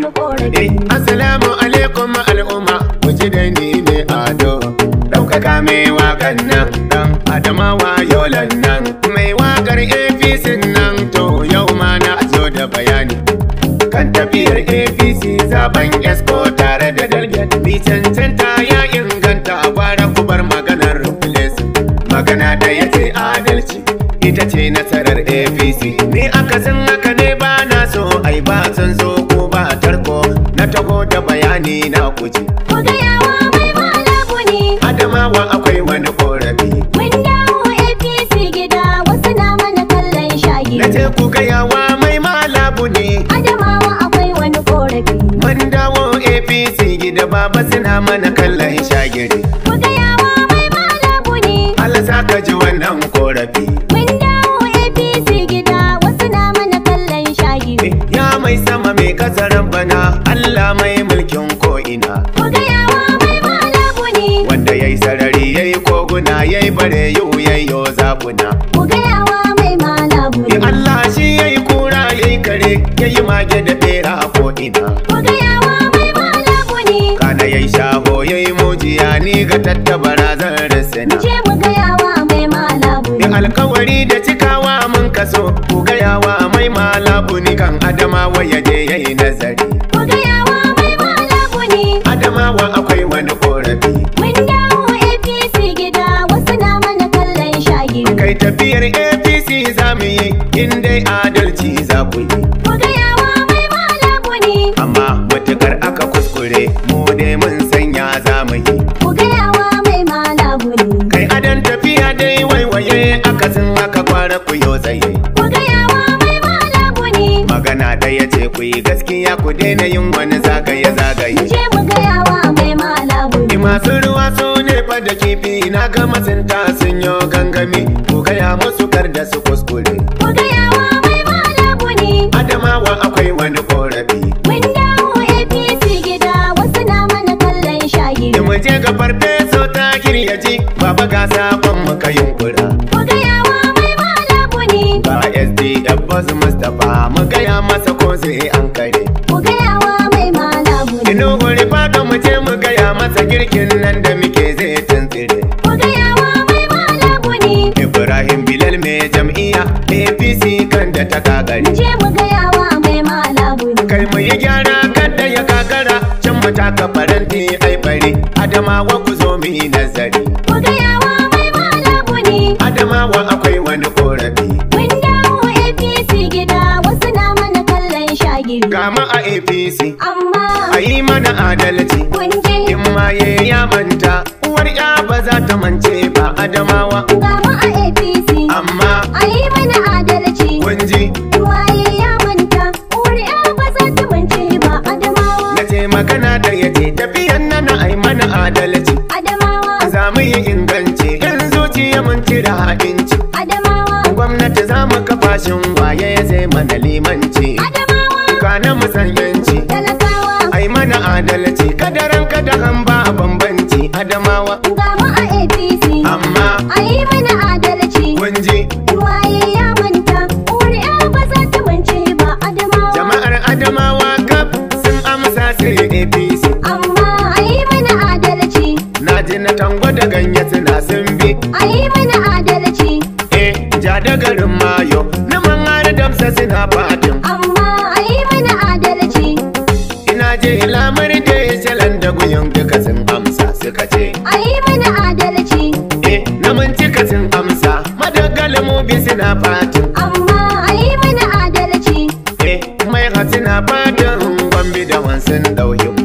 asalamu eh, Assalamu alaikum al'umma ku ji da ni ne ado. Ɗaukaka mai wakan nan ɗan Adamawa yolan nan. Mai wakar APC nan to yau ma na zo da bayani. Kan tafiyar APC zaben Esco tare da Dalget. Bi cancanta ya inganta a bara kubar maganar Rufles. Magana da ya ce adalci ita ce nasarar APC. Ni akasin haka ne ba na so ai ba san so a tarko na tago da bayani na kuji. Ku gayawa mai ma'ana ku ne. Adamawa akwai wani korafi. Mun dawo APC gida wasu na mana kallon shagi. Na ce ku gayawa mai malabu ne. Adamawa akwai wani korafi. Mun dawo APC gida baba suna mana kallon shagiri. Ku gayawa mai malabu ne. Allah sa ka ji wannan ku. mai mulkin ko'ina. Ku gayawa mai Wanda yayi sarari yayi koguna yayi bare yau yayi yo zakuna. gayawa mai Allah shi ya kura ya kare yayi mage da bera ko'ina. Ku gayawa mai Kana yayi shaho yayi mujiya ni ga tattabara zan rasina. Ce mu gayawa mai Alkawari da cikawa mun kaso ku gayawa mai malabu ni kan adamawa ya yayi ya yi nazari. apc za mu yi in dai adalci za ku yi amma matukar aka kuskure mu dai mun sanya za mu yi kai adon tafiya dai waiwaye akasin aka kwara ku yau tsaye magana ɗaya ce ku yi gaskiya ku daina yin wani zagaye zagaye masu ruwa su ne fa da kifi na gama masinta sun yo gangami gaya musu kar da su kuskure ku gaya wa mai bada guni adamawa akwai wani korafi mun dawo apc gida wasu na mana kallon shayi. da muje ga farfe so ta kirya ji baba ga sakon muka yunkura ku gaya wa mai bada guni ba sdf boss mustapha mu gaya masa ko sai an kare ku gaya wa mai malamu ino gore fata mu je mu gaya masa girkin nan da mai gyara kada ya gagara can mu taka faranti ai bare adamawa ku zo mu nazari ku gayawa mai adamawa akwai wani korafi mun dawo apc gida wasu na mana kallon shagiri kama a apc amma ai mana adalci in ma ya manta uwar ya ba za ta mance ba adamawa kama a apc amma ai shin waye zai mana limanci kana talakawa. ai mana adalci kadaran kada an ba a bambanci adamawa ga mu a apc amma ai mana adalci kunji waye ya manta wani ya ba za ta wance ba adamawa jama'ar adamawa kaf sun amsa sai apc amma ai mana adalci na ji na tango da ganye suna sun bi ai mana adalci eh ja da garin ta suna fadin amma a yi mana adalci ina je lamar da jalan da guyan duka sun amsa suka ce a yi mana adalci eh na cika sun amsa madagali mu bi suna fadin amma a yi mana adalci eh mai hasina fadin gwambi da wansan dauyin